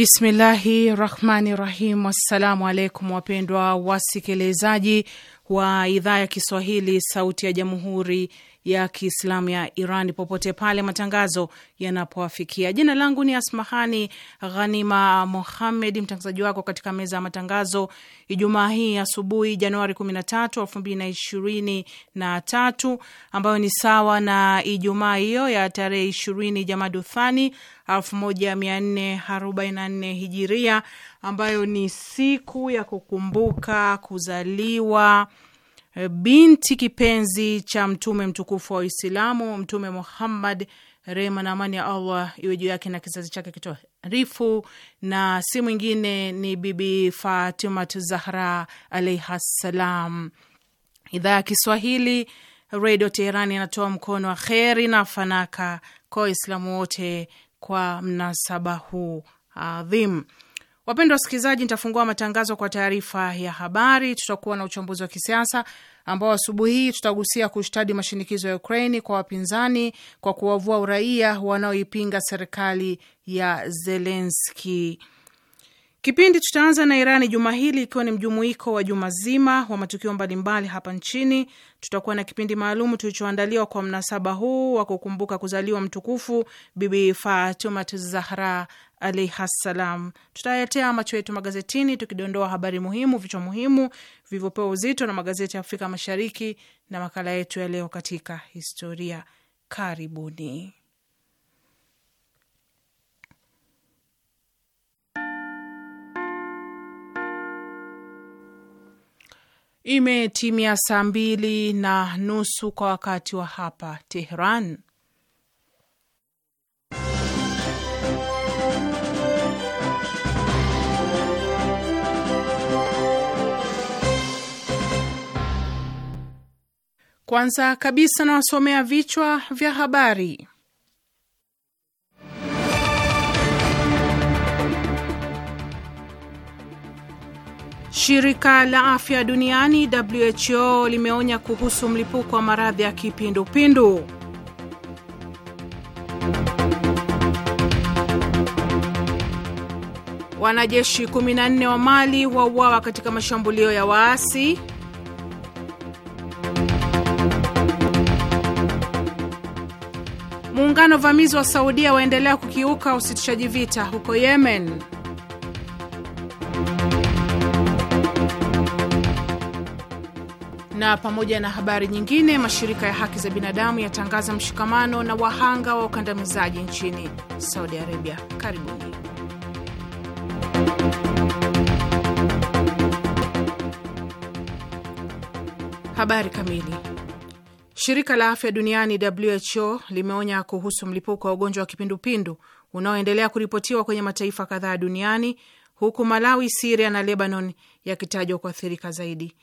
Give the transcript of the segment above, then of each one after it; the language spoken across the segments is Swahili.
Bismillahi rahmani rahim. Assalamu alaikum wapendwa wasikilizaji wa idhaa ya Kiswahili sauti ya jamhuri ya Kiislamu ya Iran popote pale matangazo yanapowafikia. Jina langu ni Asmahani Ghanima Mohamed, mtangazaji wako katika meza ya matangazo Ijumaa hii asubuhi, Januari 13, 2023 ambayo ni sawa na Ijumaa hiyo ya tarehe ishirini Jamaduthani 1444 Hijiria, ambayo ni siku ya kukumbuka kuzaliwa Eh, binti kipenzi cha mtume mtukufu wa Uislamu, Mtume Muhammad, rehma na amani ya Allah iwe juu yake na kizazi chake kitoharifu, na si mwingine ni Bibi Fatimat Zahra alaiha ssalam. Idhaa ya Kiswahili Redio Teherani inatoa mkono wa kheri na fanaka kwa Waislamu wote kwa mnasaba huu adhim. Wapendwa wasikilizaji, nitafungua matangazo kwa taarifa ya habari. Tutakuwa na uchambuzi wa kisiasa ambao asubuhi hii tutagusia kushtadi mashinikizo ya Ukraini kwa wapinzani kwa kuwavua uraia wanaoipinga serikali ya Zelenski. Kipindi tutaanza na Irani juma hili, ikiwa ni mjumuiko wa juma zima wa matukio mbalimbali hapa nchini. Tutakuwa na kipindi maalum tulichoandaliwa kwa mnasaba huu wa kukumbuka kuzaliwa mtukufu Bibi Fatumat Zahra alaihassalam. ssalam. macho yetu magazetini, tukidondoa habari muhimu, vichwa muhimu vilivyopewa uzito na magazeti ya Afrika Mashariki na makala yetu ya leo katika historia. Karibuni. Imetimia saa mbili na nusu kwa wakati wa hapa Tehran Kwanza kabisa nawasomea vichwa vya habari. Shirika la afya duniani WHO limeonya kuhusu mlipuko wa maradhi ya kipindupindu. Wanajeshi 14 wa Mali wauawa katika mashambulio ya waasi. muungano vamizi wa Saudia waendelea kukiuka usitishaji vita huko Yemen. Na pamoja na habari nyingine, mashirika ya haki za binadamu yatangaza mshikamano na wahanga wa ukandamizaji nchini Saudi Arabia. Karibuni. Habari kamili Shirika la afya duniani WHO limeonya kuhusu mlipuko wa ugonjwa wa kipindupindu unaoendelea kuripotiwa kwenye mataifa kadhaa duniani huku Malawi, Siria na Lebanon yakitajwa kuathirika zaidi.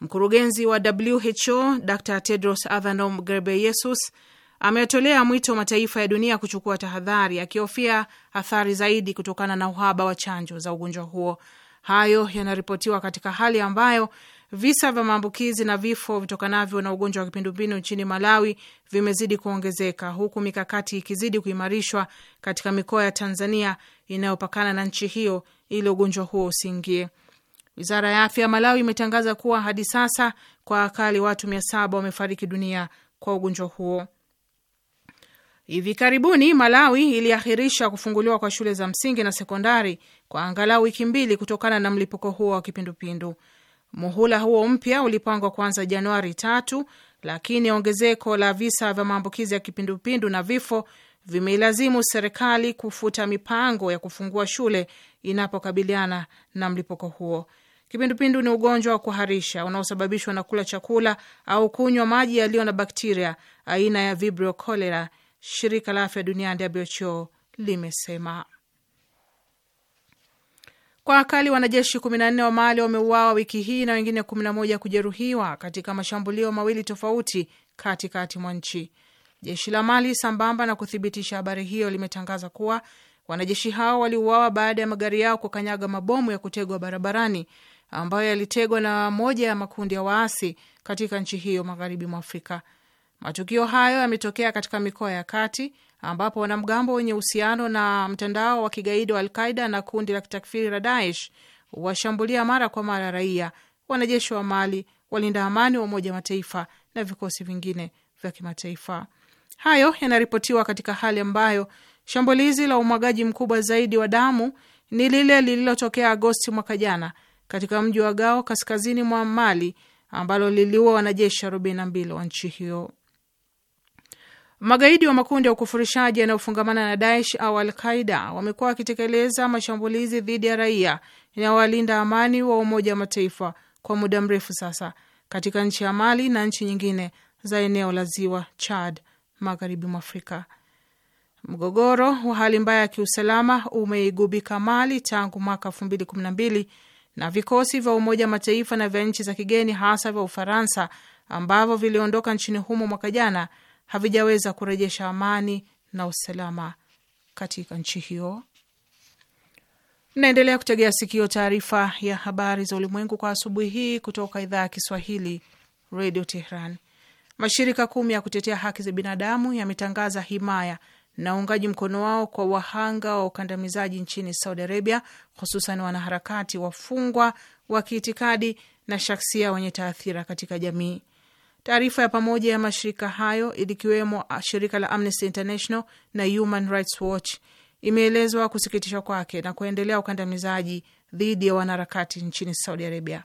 Mkurugenzi wa WHO Dr Tedros Adhanom Ghebreyesus ametolea mwito mataifa ya dunia kuchukua tahadhari, akihofia athari zaidi kutokana na uhaba wa chanjo za ugonjwa huo. Hayo yanaripotiwa katika hali ambayo Visa vya maambukizi na vifo vitokanavyo na ugonjwa wa kipindupindu nchini Malawi vimezidi kuongezeka huku mikakati ikizidi kuimarishwa katika mikoa ya Tanzania inayopakana na nchi hiyo ili ugonjwa huo usiingie. Wizara ya afya ya Malawi imetangaza kuwa hadi sasa kwa akali watu mia saba wamefariki dunia kwa ugonjwa huo. Hivi karibuni Malawi iliahirisha kufunguliwa kwa shule za msingi na sekondari kwa angalau wiki mbili kutokana na mlipuko huo wa kipindupindu. Muhula huo mpya ulipangwa kuanza Januari tatu, lakini ongezeko la visa vya maambukizi ya kipindupindu na vifo vimeilazimu serikali kufuta mipango ya kufungua shule inapokabiliana na mlipuko huo. Kipindupindu ni ugonjwa wa kuharisha unaosababishwa na kula chakula au kunywa maji yaliyo na bakteria aina ya Vibrio cholera, shirika la afya duniani WHO limesema. Kwa akali wanajeshi 14 wa Mali wameuawa wiki hii na wengine 11 kujeruhiwa katika mashambulio mawili tofauti katikati mwa nchi. Jeshi la Mali, sambamba na kuthibitisha habari hiyo, limetangaza kuwa wanajeshi hao waliuawa baada ya magari yao kukanyaga mabomu ya kutegwa barabarani ambayo yalitegwa na moja ya makundi ya waasi katika nchi hiyo magharibi mwa Afrika. Matukio hayo yametokea katika mikoa ya kati ambapo wanamgambo wenye uhusiano na mtandao wa kigaidi wa Alqaida na kundi la kitakfiri la Daesh washambulia mara kwa mara raia, wanajeshi wa Mali, walinda amani wa Umoja wa Mataifa na vikosi vingine vya kimataifa. Hayo yanaripotiwa katika hali ambayo shambulizi la umwagaji mkubwa zaidi wa damu ni lile lililotokea Agosti mwaka jana katika mji wa Gao kaskazini mwa Mali ambalo liliua wanajeshi 42 wa nchi hiyo. Magaidi wa makundi ya ukufurishaji yanayofungamana na Daesh au al Qaida wamekuwa wakitekeleza mashambulizi dhidi ya raia na walinda amani wa Umoja wa Mataifa kwa muda mrefu sasa katika nchi ya Mali na nchi nyingine za eneo la ziwa Chad, magharibi mwa Afrika. Mgogoro wa hali mbaya ya kiusalama umeigubika Mali tangu mwaka elfu mbili kumi na mbili na vikosi vya Umoja Mataifa na vya nchi za kigeni hasa vya Ufaransa ambavyo viliondoka nchini humo mwaka jana havijaweza kurejesha amani na usalama katika nchi hiyo. Naendelea kutegea sikio taarifa ya habari za ulimwengu kwa asubuhi hii kutoka idhaa ya Kiswahili Radio Tehran. Mashirika kumi ya kutetea haki za binadamu yametangaza himaya na uungaji mkono wao kwa wahanga wa ukandamizaji nchini Saudi Arabia, hususan wanaharakati wafungwa wa kiitikadi na shaksia wenye taathira katika jamii. Taarifa ya pamoja ya mashirika hayo ikiwemo shirika la Amnesty International na Human Rights Watch imeelezwa kusikitishwa kwake na kuendelea ukandamizaji dhidi ya wanaharakati nchini Saudi Arabia.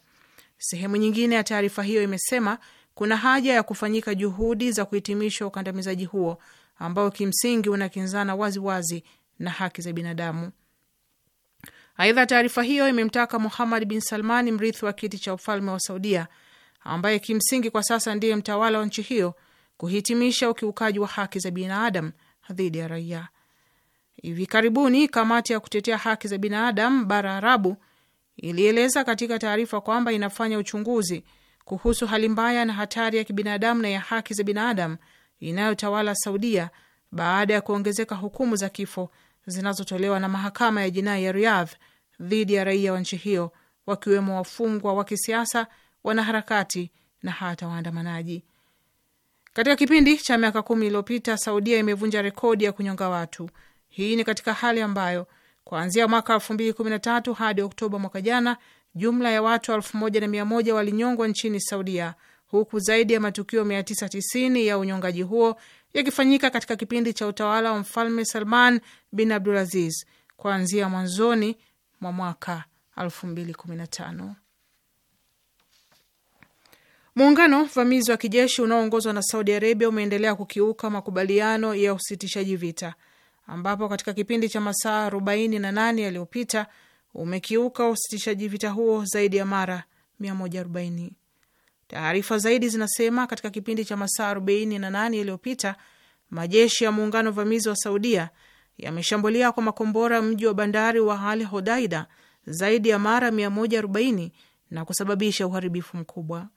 Sehemu nyingine ya taarifa hiyo imesema kuna haja ya kufanyika juhudi za kuhitimisha ukandamizaji huo ambao kimsingi unakinzana waziwazi wazi na haki za binadamu. Aidha, taarifa hiyo imemtaka Muhammad bin Salmani, mrithi wa kiti cha ufalme wa Saudia, ambaye kimsingi kwa sasa ndiye mtawala wa nchi hiyo kuhitimisha ukiukaji wa haki za binadamu dhidi ya raia. Hivi karibuni kamati ya kutetea haki za binadamu bara Arabu ilieleza katika taarifa kwamba inafanya uchunguzi kuhusu hali mbaya na hatari ya kibinadamu na ya haki za binadamu inayotawala Saudia baada ya kuongezeka hukumu za kifo zinazotolewa na mahakama ya jinai ya Riyadh dhidi ya raia wa nchi hiyo, wakiwemo wafungwa wa kisiasa wanaharakati na hata waandamanaji. Katika kipindi cha miaka kumi iliyopita, Saudia imevunja rekodi ya kunyonga watu. Hii ni katika hali ambayo kuanzia mwaka elfu mbili kumi na tatu hadi Oktoba mwaka jana, jumla ya watu elfu moja na mia moja walinyongwa nchini Saudia, huku zaidi ya matukio 990 ya unyongaji huo yakifanyika katika kipindi cha utawala wa mfalme Salman bin Abdulaziz kuanzia mwanzoni mwa mwaka tano. Muungano vamizi wa kijeshi unaoongozwa na Saudi Arabia umeendelea kukiuka makubaliano ya usitishaji vita, ambapo katika kipindi cha masaa 48 yaliyopita umekiuka usitishaji vita huo zaidi ya mara 140. Taarifa zaidi zinasema katika kipindi cha masaa 48 yaliyopita majeshi ya muungano vamizi wa Saudia yameshambulia kwa makombora mji wa bandari wa Al Hodaida zaidi ya mara 140 na kusababisha uharibifu mkubwa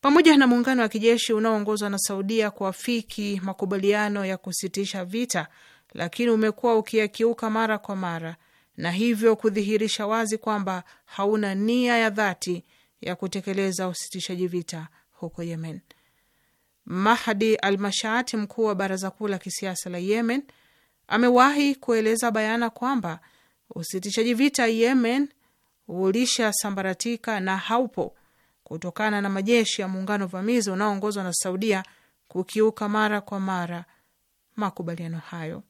pamoja na muungano wa kijeshi unaoongozwa na Saudia kuafiki makubaliano ya kusitisha vita, lakini umekuwa ukiyakiuka mara kwa mara na hivyo kudhihirisha wazi kwamba hauna nia ya dhati ya kutekeleza usitishaji vita huko Yemen. Mahdi al Mashati, mkuu wa baraza kuu la kisiasa la Yemen, amewahi kueleza bayana kwamba usitishaji vita Yemen ulishasambaratika na haupo kutokana na majeshi ya muungano vamizi unaoongozwa na Saudia kukiuka mara kwa mara makubaliano hayo.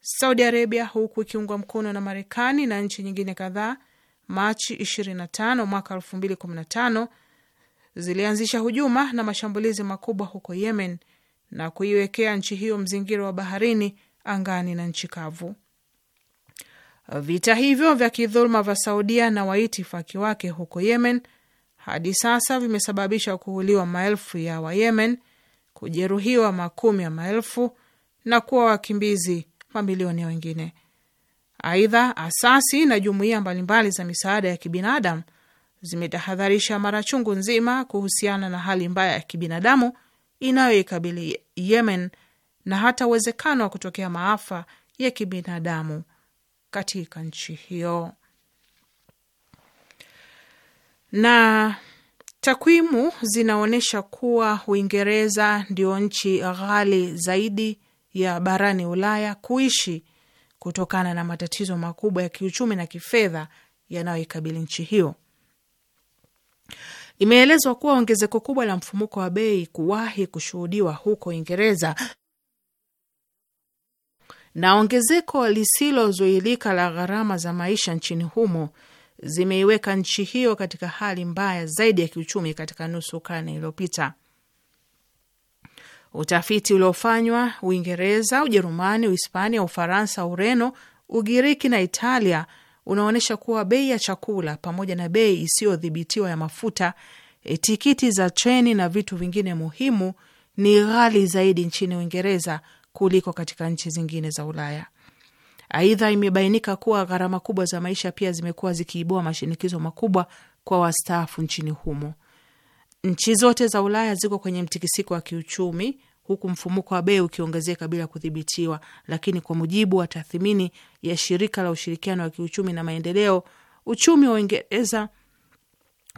Saudi Arabia, huku ikiungwa mkono na Marekani na nchi nyingine kadhaa, Machi 25 mwaka 2015 zilianzisha hujuma na mashambulizi makubwa huko Yemen na kuiwekea nchi hiyo mzingiro wa baharini, angani na nchi kavu. Vita hivyo vya kidhuluma vya Saudia na waitifaki wake huko Yemen hadi sasa vimesababisha kuuliwa maelfu ya Wayemen, kujeruhiwa makumi ya maelfu na kuwa wakimbizi mamilioni wengine. Aidha, asasi na jumuiya mbalimbali za misaada ya kibinadamu zimetahadharisha mara chungu nzima kuhusiana na hali mbaya ya kibinadamu inayoikabili Yemen na hata uwezekano wa kutokea maafa ya kibinadamu katika nchi hiyo na takwimu zinaonyesha kuwa Uingereza ndio nchi ghali zaidi ya barani Ulaya kuishi kutokana na matatizo makubwa ya kiuchumi na kifedha yanayoikabili nchi hiyo. Imeelezwa kuwa ongezeko kubwa la mfumuko wa bei kuwahi kushuhudiwa huko Uingereza na ongezeko lisilozuilika la gharama za maisha nchini humo zimeiweka nchi hiyo katika hali mbaya zaidi ya kiuchumi katika nusu karne iliyopita. Utafiti uliofanywa Uingereza, Ujerumani, Uhispania, Ufaransa, Ureno, Ugiriki na Italia unaonyesha kuwa bei ya chakula pamoja na bei isiyodhibitiwa ya mafuta, eh, tikiti za treni na vitu vingine muhimu ni ghali zaidi nchini Uingereza kuliko katika nchi zingine za Ulaya. Aidha, imebainika kuwa gharama kubwa za maisha pia zimekuwa zikiibua mashinikizo makubwa kwa wastaafu nchini humo. Nchi zote za Ulaya ziko kwenye mtikisiko wa kiuchumi huku mfumuko wa bei ukiongezeka bila kudhibitiwa, lakini kwa mujibu wa tathmini ya shirika la ushirikiano wa kiuchumi na maendeleo, uchumi wa Uingereza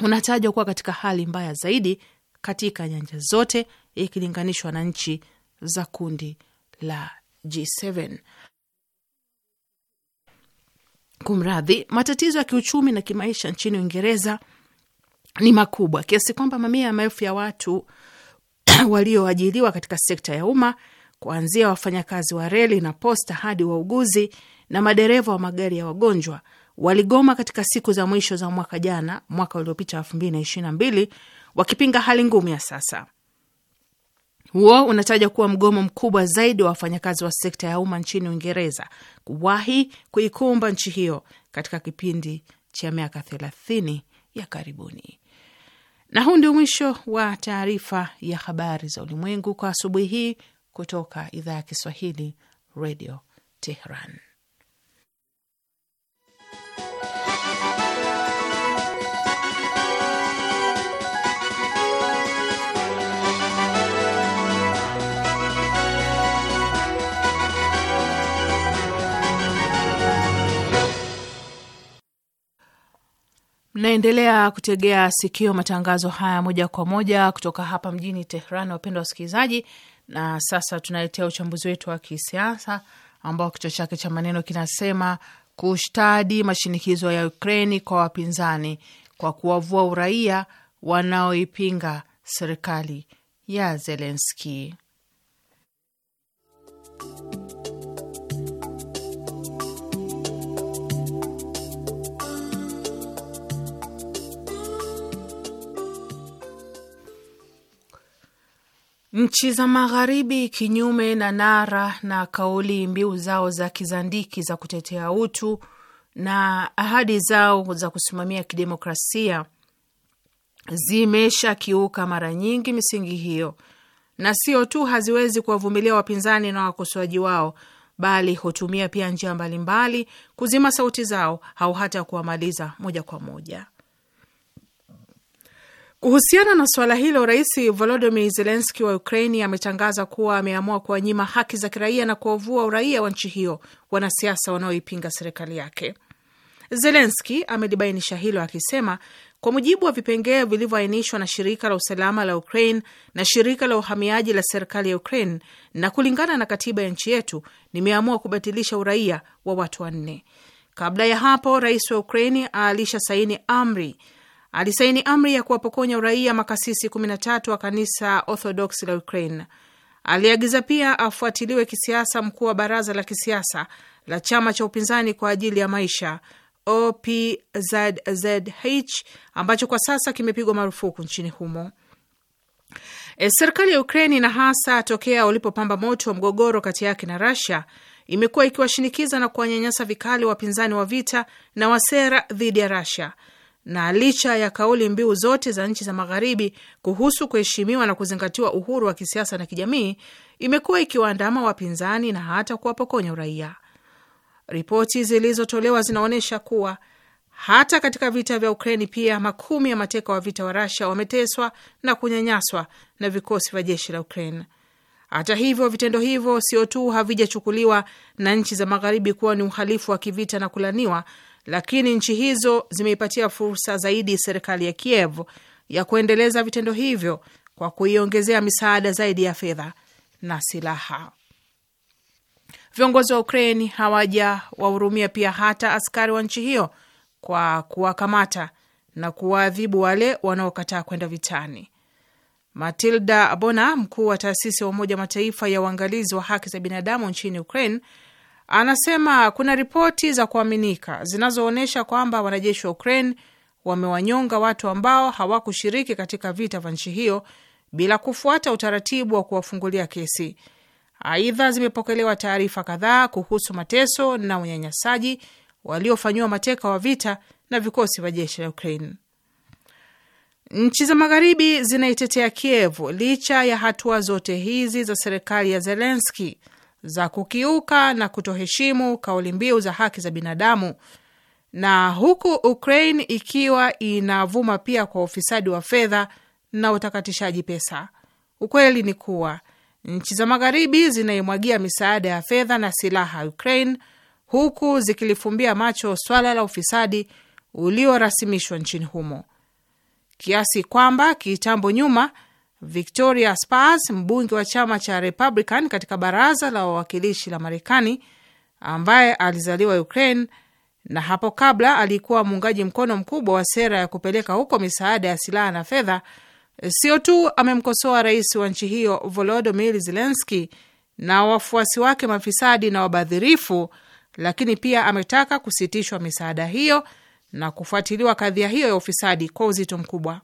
unatajwa kuwa katika hali mbaya zaidi katika nyanja zote ikilinganishwa na nchi za kundi la G7. Kumradhi, matatizo ya kiuchumi na kimaisha nchini Uingereza ni makubwa kiasi kwamba mamia ya maelfu ya watu walioajiriwa katika sekta ya umma kuanzia wafanyakazi wa reli na posta hadi wauguzi na madereva wa magari ya wagonjwa waligoma katika siku za mwisho za mwaka jana, mwaka uliopita na mbili, wakipinga hali ngumu ya sasa. Huo unataja kuwa mgomo mkubwa zaidi wa wafanyakazi wa sekta ya umma nchini Uingereza kuwahi kuikumba nchi hiyo katika kipindi cha miaka thelathini ya karibuni. Na huu ndio mwisho wa taarifa ya habari za ulimwengu kwa asubuhi hii kutoka idhaa ya Kiswahili, Radio Tehran. Mnaendelea kutegea sikio matangazo haya moja kwa moja kutoka hapa mjini Tehran, wapendwa wasikilizaji. Na sasa tunaletea uchambuzi wetu wa kisiasa ambao kichwa chake cha maneno kinasema kushtadi mashinikizo ya Ukraini kwa wapinzani kwa kuwavua uraia wanaoipinga serikali ya Zelenski. Nchi za Magharibi, kinyume na nara na kauli mbiu zao za kizandiki za kutetea utu na ahadi zao za kusimamia kidemokrasia, zimeshakiuka mara nyingi misingi hiyo, na sio tu haziwezi kuwavumilia wapinzani na wakosoaji wao, bali hutumia pia njia mbalimbali kuzima sauti zao au hata kuwamaliza moja kwa moja. Kuhusiana na suala hilo, Rais volodimir zelenski wa Ukraini ametangaza kuwa ameamua kuwanyima haki za kiraia na kuwavua uraia wa nchi hiyo wanasiasa wanaoipinga serikali yake. zelenski amelibainisha hilo akisema, kwa mujibu wa vipengee vilivyoainishwa na shirika la usalama la Ukraine na shirika la uhamiaji la serikali ya Ukraine na kulingana na katiba ya nchi yetu, nimeamua kubatilisha uraia wa watu wanne. Kabla ya hapo, rais wa Ukraini aalisha saini amri alisaini amri ya kuwapokonya uraia makasisi 13 wa kanisa Orthodox la Ukraine. Aliagiza pia afuatiliwe kisiasa mkuu wa baraza la kisiasa la chama cha upinzani kwa ajili ya maisha OPZZH ambacho kwa sasa kimepigwa marufuku nchini humo. E, serikali ya Ukraini na hasa tokea ulipopamba moto wa mgogoro kati yake na rasia imekuwa ikiwashinikiza na kuwanyanyasa vikali wapinzani wa vita na wasera dhidi ya Rasia na licha ya kauli mbiu zote za nchi za magharibi kuhusu kuheshimiwa na kuzingatiwa uhuru wa kisiasa na kijamii, imekuwa ikiwaandama wapinzani na hata kuwapokonya uraia. Ripoti zilizotolewa zinaonyesha kuwa hata katika vita vya Ukraini pia makumi ya mateka wa vita wa Rasia wameteswa na kunyanyaswa na vikosi vya jeshi la Ukraine. Hata hivyo, vitendo hivyo sio tu havijachukuliwa na nchi za magharibi kuwa ni uhalifu wa kivita na kulaniwa, lakini nchi hizo zimeipatia fursa zaidi serikali ya Kiev ya kuendeleza vitendo hivyo kwa kuiongezea misaada zaidi ya fedha na silaha. Viongozi wa Ukraini hawajawahurumia pia hata askari wa nchi hiyo kwa kuwakamata na kuwaadhibu wale wanaokataa kwenda vitani. Matilda Bona, mkuu wa taasisi ya Umoja Mataifa ya uangalizi wa haki za binadamu nchini Ukraine, Anasema kuna ripoti za kuaminika zinazoonyesha kwamba wanajeshi wa Ukraine wamewanyonga watu ambao hawakushiriki katika vita vya nchi hiyo bila kufuata utaratibu wa kuwafungulia kesi. Aidha, zimepokelewa taarifa kadhaa kuhusu mateso na unyanyasaji waliofanyiwa mateka wa vita na vikosi vya jeshi la Ukraine. Nchi za magharibi zinaitetea kievu licha ya hatua zote hizi za serikali ya Zelenski za kukiuka na kutoheshimu kauli mbiu za haki za binadamu, na huku Ukraine ikiwa inavuma pia kwa ufisadi wa fedha na utakatishaji pesa. Ukweli ni kuwa nchi za magharibi zinaimwagia misaada ya fedha na silaha Ukraine, huku zikilifumbia macho swala la ufisadi uliorasimishwa nchini humo, kiasi kwamba kitambo nyuma Victoria Spars, mbunge wa chama cha Republican katika baraza la wawakilishi la Marekani, ambaye alizaliwa Ukraine na hapo kabla alikuwa muungaji mkono mkubwa wa sera ya kupeleka huko misaada ya silaha na fedha, sio tu amemkosoa rais wa nchi hiyo Volodymyr Zelensky na wafuasi wake mafisadi na wabadhirifu, lakini pia ametaka kusitishwa misaada hiyo na kufuatiliwa kadhia hiyo ya ufisadi kwa uzito mkubwa.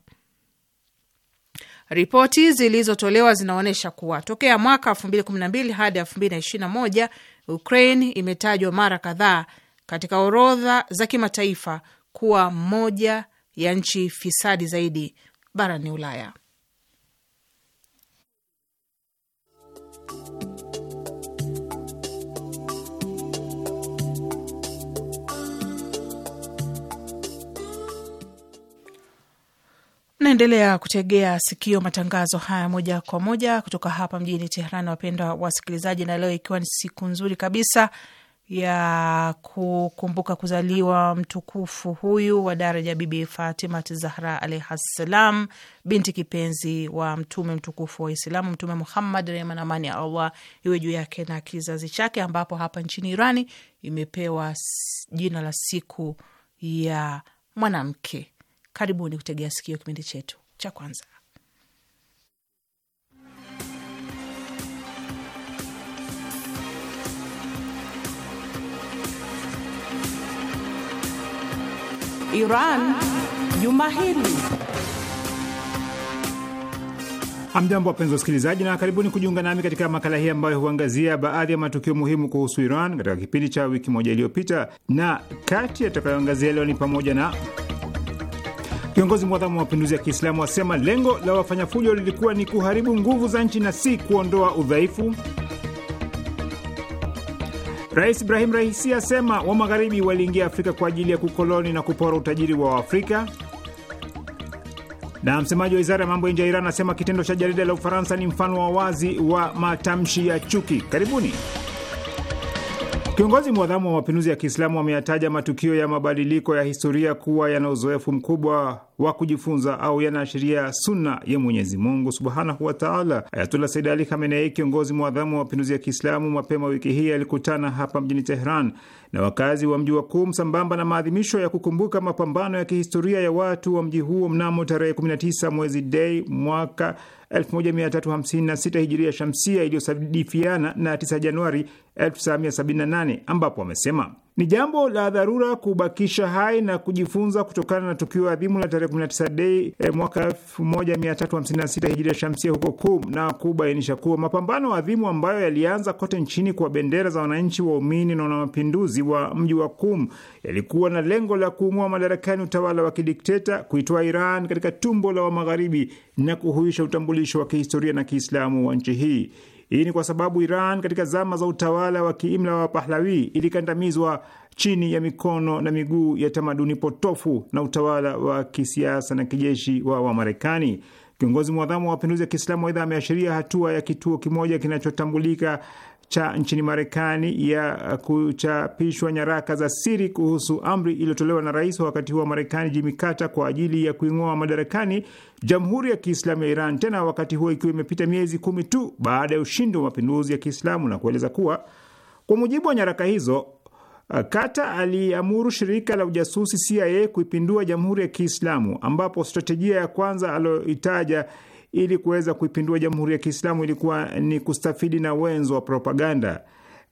Ripoti zilizotolewa zinaonyesha kuwa tokea mwaka 2012 hadi 2021 Ukraine imetajwa mara kadhaa katika orodha za kimataifa kuwa moja ya nchi fisadi zaidi barani Ulaya. Naendelea kutegea sikio matangazo haya moja kwa moja kutoka hapa mjini teheran wapendwa wasikilizaji, na leo ikiwa ni siku nzuri kabisa ya kukumbuka kuzaliwa mtukufu huyu wa daraja Bibi fatimat Zahra ssalam, binti kipenzi wa mtume mtukufu wa Islamu, Mtume Muhammad, rehma na amani ya Allah iwe juu yake na kizazi chake, ambapo hapa nchini Irani imepewa jina la siku ya mwanamke Karibuni kutegea sikio kipindi chetu cha kwanza. Iran juma hili. Hamjambo, wapenzi usikilizaji, na karibuni kujiunga nami katika makala hii ambayo huangazia baadhi ya matukio muhimu kuhusu Iran katika kipindi cha wiki moja iliyopita, na kati yatakayoangazia leo ni pamoja na Viongozi mwadhamu wa mapinduzi ya Kiislamu wasema lengo la wafanya fujo lilikuwa ni kuharibu nguvu za nchi na si kuondoa udhaifu. Rais Ibrahim Raisi asema wa magharibi waliingia Afrika kwa ajili ya kukoloni na kupora utajiri wa afrika Na msemaji wa wizara ya mambo ya nje ya Iran anasema kitendo cha jarida la Ufaransa ni mfano wa wazi wa matamshi ya chuki. Karibuni. Kiongozi mwadhamu wa mapinduzi ya Kiislamu ameyataja matukio ya mabadiliko ya historia kuwa yana uzoefu mkubwa wa kujifunza au yanaashiria sunna ya Mwenyezi Mungu subhanahu wataala. Ayatullah Said Ali Khamenei, kiongozi mwadhamu wa mapinduzi ya Kiislamu, mapema wiki hii alikutana hapa mjini Tehran na wakazi wa mji wa Kum sambamba na maadhimisho ya kukumbuka mapambano ya kihistoria ya watu wa mji huo mnamo tarehe 19 mwezi Dei mwaka 1356 hijiria shamsia iliyosadifiana na 9 Januari 1978 ambapo wamesema ni jambo la dharura kubakisha hai na kujifunza kutokana na tukio adhimu la tarehe 19 Dei eh, mwaka 1356 Hijria Shamsia huko Kum na kubainisha kuwa mapambano adhimu ambayo yalianza kote nchini kwa bendera za wananchi, waumini na wanamapinduzi wa mji wa Kum yalikuwa na lengo la kuumua madarakani utawala wa kidikteta, kuitoa Iran katika tumbo la Wamagharibi na kuhuisha utambulisho wa kihistoria na Kiislamu wa nchi hii. Hii ni kwa sababu Iran katika zama za utawala wa kiimla wa pahlawi ilikandamizwa chini ya mikono na miguu ya tamaduni potofu na utawala wa kisiasa na kijeshi wa Wamarekani. Kiongozi mwadhamu wa mapinduzi ya Kiislamu aidha ameashiria hatua ya kituo kimoja kinachotambulika cha nchini Marekani ya kuchapishwa nyaraka za siri kuhusu amri iliyotolewa na rais wa wakati huo wa Marekani Jimmy Carter kwa ajili ya kuing'oa madarakani Jamhuri ya Kiislamu ya Iran, tena wakati huo ikiwa imepita miezi kumi tu baada ya ushindi wa mapinduzi ya Kiislamu, na kueleza kuwa kwa mujibu wa nyaraka hizo Kata aliamuru shirika la ujasusi CIA kuipindua Jamhuri ya Kiislamu, ambapo stratejia ya kwanza aliyoitaja ili kuweza kuipindua Jamhuri ya Kiislamu ilikuwa ni kustafidi na wenzo wa propaganda.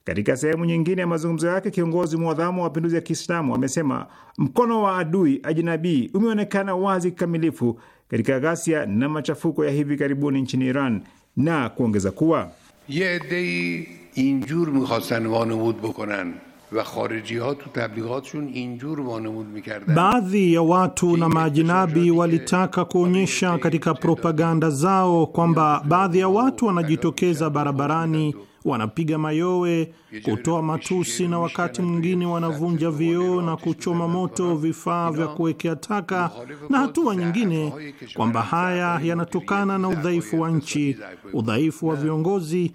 Katika sehemu nyingine ya mazungumzo yake, kiongozi mwadhamu wa mapinduzi ya Kiislamu amesema mkono wa adui ajinabii umeonekana wazi kikamilifu katika ghasia na machafuko ya hivi karibuni nchini Iran na kuongeza kuwa yedei injur mikhwastn wanumud bokonan و خارجی ها تو تبلیغاتشون اینجور وانمود میکردن. Baadhi ya watu na majinabi walitaka kuonyesha katika propaganda zao kwamba baadhi ya watu wanajitokeza barabarani wanapiga mayowe, kutoa matusi na wakati mwingine wanavunja vioo na kuchoma moto vifaa vya kuwekea taka, na hatua nyingine kwamba haya yanatokana na udhaifu wa nchi, udhaifu wa viongozi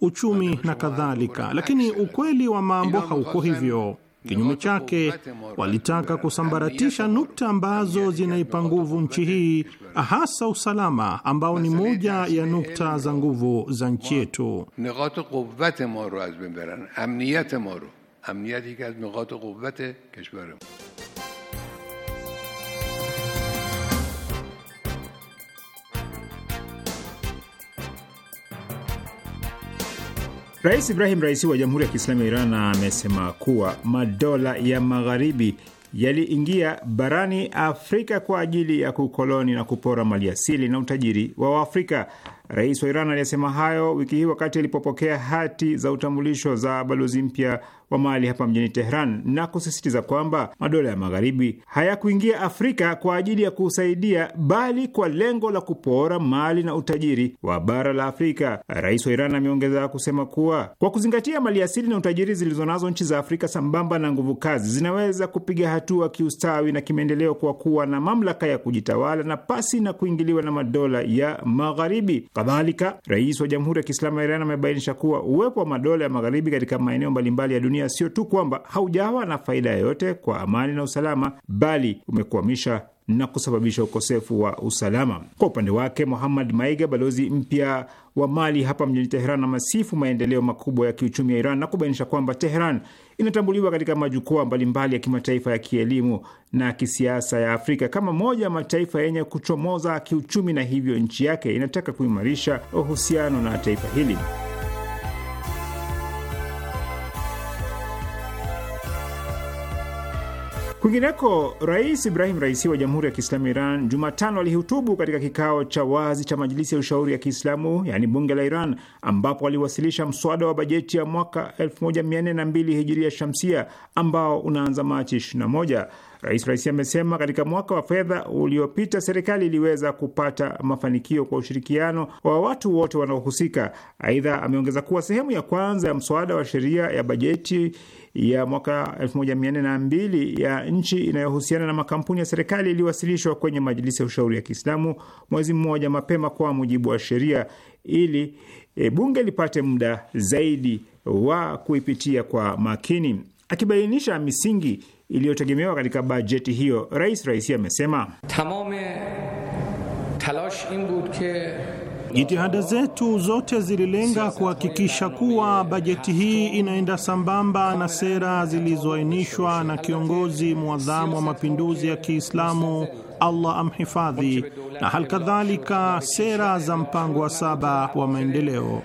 uchumi na kadhalika, lakini ukweli wa mambo hauko hivyo. Kinyume chake, walitaka kusambaratisha nukta ambazo zinaipa nguvu nchi hii, hasa usalama ambao ni moja ya nukta za nguvu za nchi yetu. Rais Ibrahim Raisi wa Jamhuri ya Kiislamu ya Iran amesema kuwa madola ya magharibi yaliingia barani Afrika kwa ajili ya kukoloni na kupora maliasili na utajiri wa Waafrika. Rais wa Iran aliyesema hayo wiki hii wakati alipopokea hati za utambulisho za balozi mpya wa Mali hapa mjini Tehran na kusisitiza kwamba madola ya magharibi hayakuingia Afrika kwa ajili ya kusaidia, bali kwa lengo la kupora mali na utajiri wa bara la Afrika. Rais wa Iran ameongeza kusema kuwa kwa kuzingatia mali asili na utajiri zilizonazo nchi za Afrika sambamba na nguvu kazi, zinaweza kupiga hatua kiustawi na kimaendeleo kwa kuwa na mamlaka ya kujitawala na pasi na kuingiliwa na madola ya magharibi. Kadhalika, rais wa Jamhuri ya Kiislamu ya Iran amebainisha kuwa uwepo wa madola ya magharibi katika maeneo mbalimbali ya dunia dunia sio tu kwamba haujawa na faida yoyote kwa amani na usalama, bali umekwamisha na kusababisha ukosefu wa usalama. Kwa upande wake, Muhammad Maiga, balozi mpya wa Mali hapa mjini Teheran, amesifu maendeleo makubwa ya kiuchumi ya Iran na kubainisha kwamba Teheran inatambuliwa katika majukwaa mbalimbali ya kimataifa ya kielimu na kisiasa ya Afrika kama moja ya mataifa yenye kuchomoza kiuchumi, na hivyo nchi yake inataka kuimarisha uhusiano na taifa hili. Kwingineko, Rais Ibrahim Raisi wa Jamhuri ya Kiislamu Iran Jumatano alihutubu katika kikao cha wazi cha Majilisi ya Ushauri ya Kiislamu, yaani bunge la Iran, ambapo aliwasilisha mswada wa bajeti ya mwaka 1402 hijiria shamsia ambao unaanza Machi 21. Rais Raisi amesema katika mwaka wa fedha uliopita serikali iliweza kupata mafanikio kwa ushirikiano wa watu wote wanaohusika. Aidha, ameongeza kuwa sehemu ya kwanza ya mswada wa sheria ya bajeti ya mwaka 1402 ya nchi inayohusiana na makampuni ya serikali iliwasilishwa kwenye Majilisi ya Ushauri ya Kiislamu mwezi mmoja mapema kwa mujibu wa sheria ili e, bunge lipate muda zaidi wa kuipitia kwa makini. Akibainisha misingi iliyotegemewa katika bajeti hiyo. Rais Raisi amesema Jitihada zetu zote zililenga kuhakikisha kuwa bajeti hii inaenda sambamba na sera zilizoainishwa na kiongozi mwadhamu wa mapinduzi ya Kiislamu, Allah amhifadhi, na hali kadhalika sera za mpango wa saba wa maendeleo.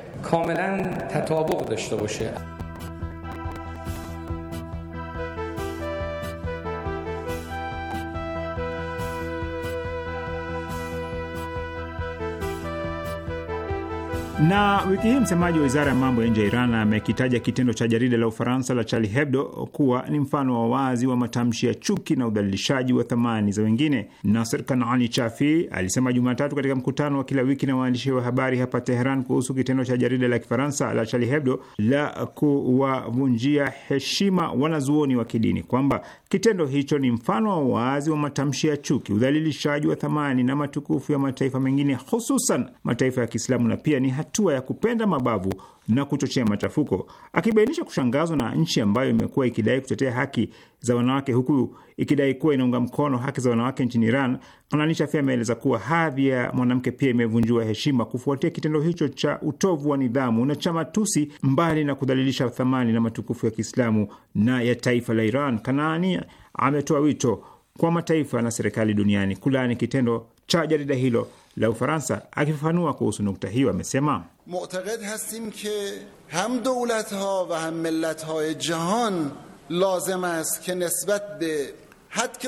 Na wiki hii msemaji wa wizara ya mambo ya nje ya Iran amekitaja kitendo cha jarida la Ufaransa la Charlie Hebdo kuwa ni mfano wa wazi wa matamshi ya chuki na udhalilishaji wa thamani za wengine. Naser Kanani Chafi alisema Jumatatu katika mkutano wa kila wiki na waandishi wa habari hapa Teheran kuhusu kitendo cha jarida la Kifaransa la Charlie Hebdo la kuwavunjia heshima wanazuoni wa kidini kwamba kitendo hicho ni mfano wa wazi wa matamshi ya chuki, udhalilishaji wa thamani na matukufu ya mataifa mengine, hususan mataifa ya Kiislamu na pia ni hatua ya kupenda mabavu na kuchochea machafuko, akibainisha kushangazwa na nchi ambayo imekuwa ikidai kutetea haki za wanawake huku ikidai kuwa inaunga mkono haki za wanawake nchini Iran. Kanali Shafi ameeleza kuwa hadhi ya mwanamke pia imevunjiwa heshima kufuatia kitendo hicho cha utovu wa nidhamu na cha matusi, mbali na kudhalilisha thamani na matukufu ya Kiislamu na ya taifa la Iran. Kanaani ametoa wito kwa mataifa na serikali duniani kulaani kitendo cha jarida hilo لو فرانسا اگر فنوا نکتهی و مثل معتقد هستیم که هم دولت ها و هم ملت های جهان لازم است که نسبت به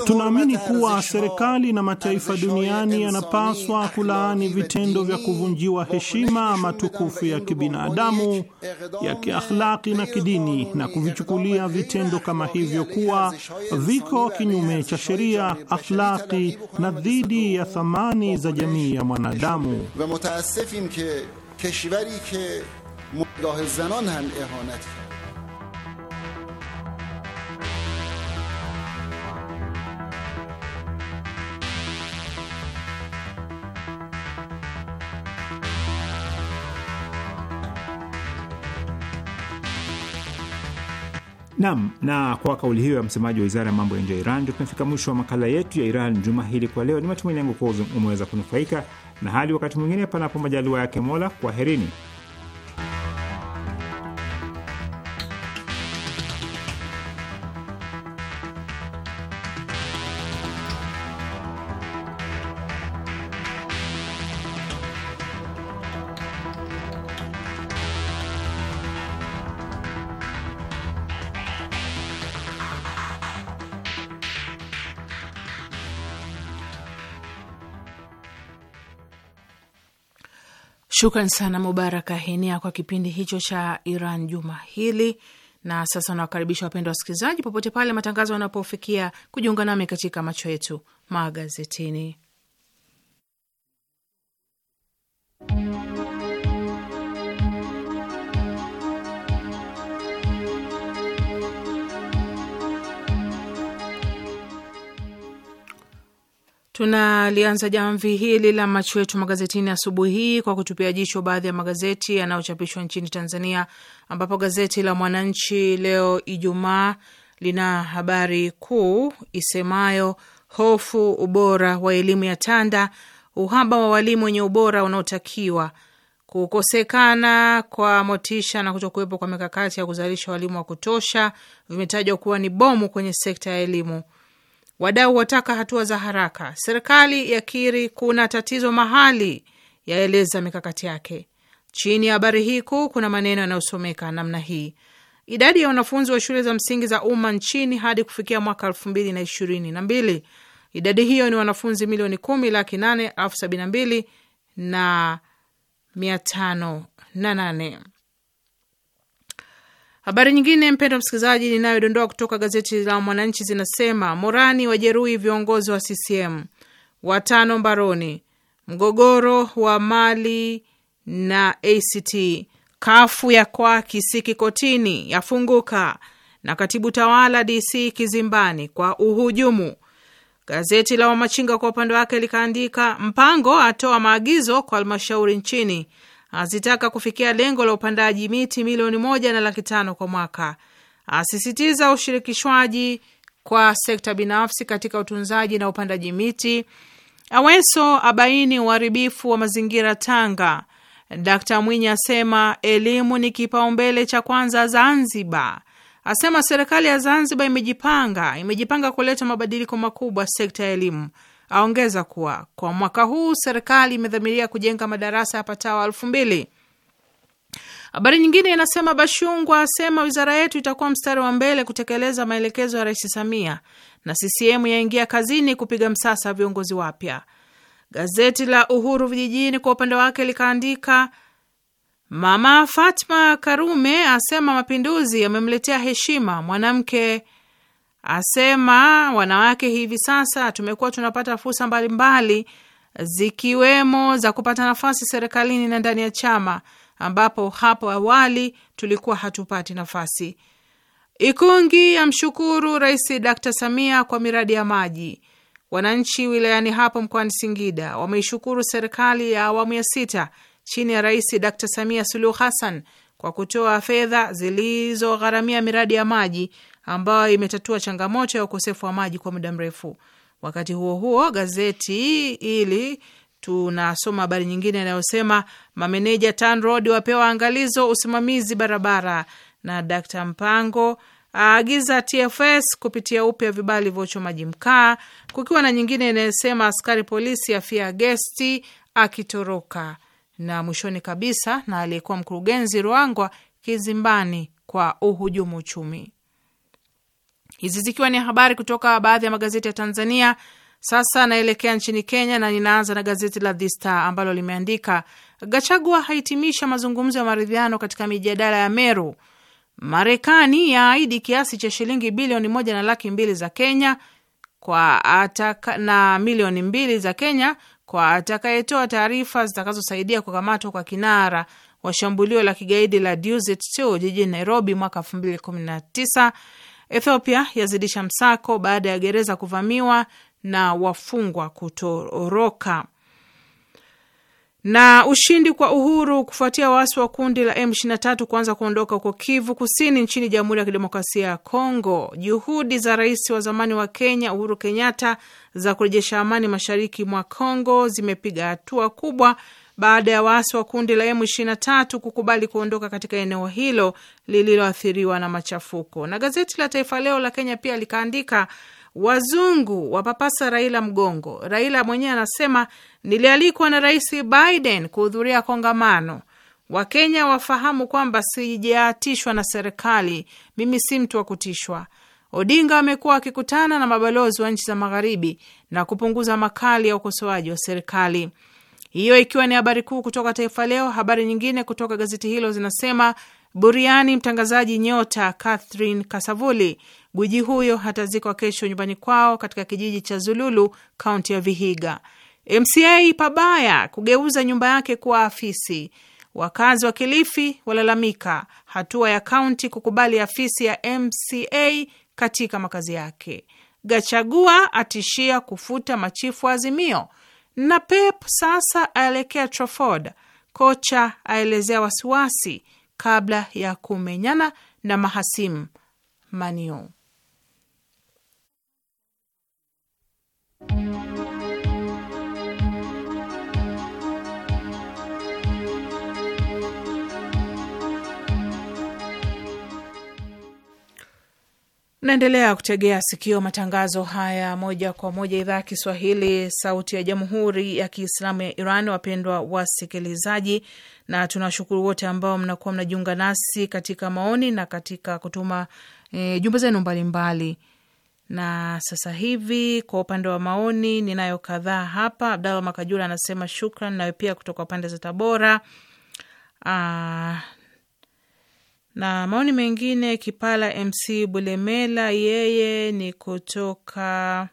Tunaamini kuwa serikali na mataifa duniani yanapaswa kulaani vitendo vya kuvunjiwa heshima matukufu ya kibinadamu, ya kiakhlaki na kidini na kuvichukulia vitendo kama hivyo kuwa viko kinyume cha sheria, akhlaki na dhidi ya thamani za jamii ya mwanadamu. Nam, na kwa kauli hiyo ya msemaji wa wizara ya mambo ya nje ya Iran, ndio tunafika mwisho wa makala yetu ya Iran juma hili kwa leo. Ni matumaini yangu kuwa umeweza kunufaika na hadi wakati mwingine, panapo majaliwa yake Mola, kwaherini. Shukran sana Mubaraka Henia kwa kipindi hicho cha Iran juma hili. Na sasa nawakaribisha wapendwa wasikilizaji, popote pale matangazo yanapofikia, kujiunga nami katika macho yetu magazetini. Tunalianza jamvi hili la macho yetu magazetini asubuhi hii kwa kutupia jicho baadhi ya magazeti yanayochapishwa nchini Tanzania, ambapo gazeti la Mwananchi leo Ijumaa lina habari kuu isemayo hofu ubora wa elimu ya tanda, uhaba wa walimu wenye ubora unaotakiwa, kukosekana kwa motisha na kutokuwepo kwa mikakati ya kuzalisha walimu wa kutosha vimetajwa kuwa ni bomu kwenye sekta ya elimu Wadau wataka hatua za haraka. Serikali yakiri kuna tatizo mahali, yaeleza mikakati yake. Chini ya habari hii kuu kuna maneno yanayosomeka namna hii: idadi ya wanafunzi wa shule za msingi za umma nchini hadi kufikia mwaka elfu mbili na ishirini na mbili, idadi hiyo ni wanafunzi milioni kumi laki nane elfu sabini na mbili na mia tano na nane. Habari nyingine mpendwa msikilizaji, ninayodondoa kutoka gazeti la Mwananchi zinasema Morani wajeruhi viongozi wa CCM, watano mbaroni, mgogoro wa mali na ACT, kafu ya kwa kisiki kotini yafunguka, na katibu tawala DC kizimbani kwa uhujumu. Gazeti la Wamachinga kwa upande wake likaandika Mpango atoa maagizo kwa halmashauri nchini azitaka kufikia lengo la upandaji miti milioni moja na laki tano kwa mwaka, asisitiza ushirikishwaji kwa sekta binafsi katika utunzaji na upandaji miti. Aweso abaini uharibifu wa mazingira Tanga. Dkt Mwinyi asema elimu ni kipaumbele cha kwanza Zanzibar. Asema serikali ya Zanzibar imejipanga imejipanga kuleta mabadiliko makubwa sekta ya elimu aongeza kuwa kwa mwaka huu serikali imedhamiria kujenga madarasa yapatao elfu mbili. Habari nyingine inasema Bashungwa asema wizara yetu itakuwa mstari wa mbele kutekeleza maelekezo ya Rais Samia na CCM yaingia kazini kupiga msasa viongozi wapya. Gazeti la Uhuru Vijijini kwa upande wake likaandika Mama Fatma Karume asema mapinduzi yamemletea heshima mwanamke asema wanawake hivi sasa tumekuwa tunapata fursa mbalimbali zikiwemo za kupata nafasi serikalini na ndani ya chama ambapo hapo awali tulikuwa hatupati nafasi. Ikungi amshukuru Rais d Samia kwa miradi ya maji. Wananchi wilayani hapo mkoani Singida wameishukuru serikali ya awamu ya sita chini ya Rais d Samia Suluhu Hassan kwa kutoa fedha zilizogharamia miradi ya maji ambayo imetatua changamoto ya ukosefu wa maji kwa muda mrefu. Wakati huo huo, gazeti hili tunasoma habari nyingine inayosema mameneja TANROADS wapewa angalizo usimamizi barabara, na Dkt Mpango aagiza TFS kupitia upya vibali vya uchomaji mkaa, kukiwa na nyingine inayosema askari polisi afia gesti akitoroka, na mwishoni kabisa na aliyekuwa mkurugenzi Ruangwa kizimbani kwa uhujumu uchumi. Hizi zikiwa ni habari kutoka baadhi ya magazeti ya Tanzania. Sasa naelekea nchini Kenya na ninaanza na gazeti la The Star ambalo limeandika Gachagua hahitimisha mazungumzo ya maridhiano katika mijadala ya Meru. Marekani yaahidi kiasi cha shilingi bilioni moja na laki mbili za Kenya kwa ataka, na milioni mbili za Kenya kwa atakayetoa taarifa zitakazosaidia kukamatwa kwa kinara wa shambulio la kigaidi la Dusit 2 jijini Nairobi mwaka 2019 Ethiopia yazidisha msako baada ya gereza kuvamiwa na wafungwa kutoroka. Na ushindi kwa uhuru kufuatia waasi wa kundi la M23 kuanza kuondoka huko Kivu Kusini nchini Jamhuri ya Kidemokrasia ya Kongo. Juhudi za rais wa zamani wa Kenya Uhuru Kenyatta za kurejesha amani mashariki mwa Kongo zimepiga hatua kubwa baada ya waasi wa kundi la M23 kukubali kuondoka katika eneo hilo lililoathiriwa na machafuko. Na gazeti la Taifa Leo la Kenya pia likaandika wazungu wapapasa Raila mgongo. Raila mwenyewe anasema nilialikwa na Rais Biden kuhudhuria kongamano. Wakenya wafahamu kwamba sijaatishwa na serikali, mimi si mtu wa kutishwa. Odinga amekuwa akikutana na mabalozi wa nchi za magharibi na kupunguza makali ya ukosoaji wa serikali. Hiyo ikiwa ni habari kuu kutoka Taifa Leo. Habari nyingine kutoka gazeti hilo zinasema buriani mtangazaji nyota Catherine Kasavuli. Gwiji huyo hatazikwa kesho nyumbani kwao katika kijiji cha Zululu, kaunti ya Vihiga. MCA pabaya kugeuza nyumba yake kuwa afisi. Wakazi wa Kilifi walalamika hatua ya kaunti kukubali afisi ya MCA katika makazi yake. Gachagua atishia kufuta machifu wa Azimio na Pep sasa aelekea Trafford. Kocha aelezea wasiwasi kabla ya kumenyana na mahasimu Maniu. Naendelea kutegea sikio matangazo haya moja kwa moja, idhaa ya Kiswahili, sauti ya jamhuri ya kiislamu ya Iran. Wapendwa wasikilizaji, na tunawashukuru wote ambao mnakuwa mnajiunga nasi katika maoni na katika kutuma e, jumbe zenu mbalimbali. Na sasa hivi kwa upande wa maoni ninayo kadhaa hapa. Abdalla Makajura anasema shukran, nayo pia kutoka pande za Tabora. Aa, ah, na maoni mengine. Kipala MC Bulemela, yeye ni kutoka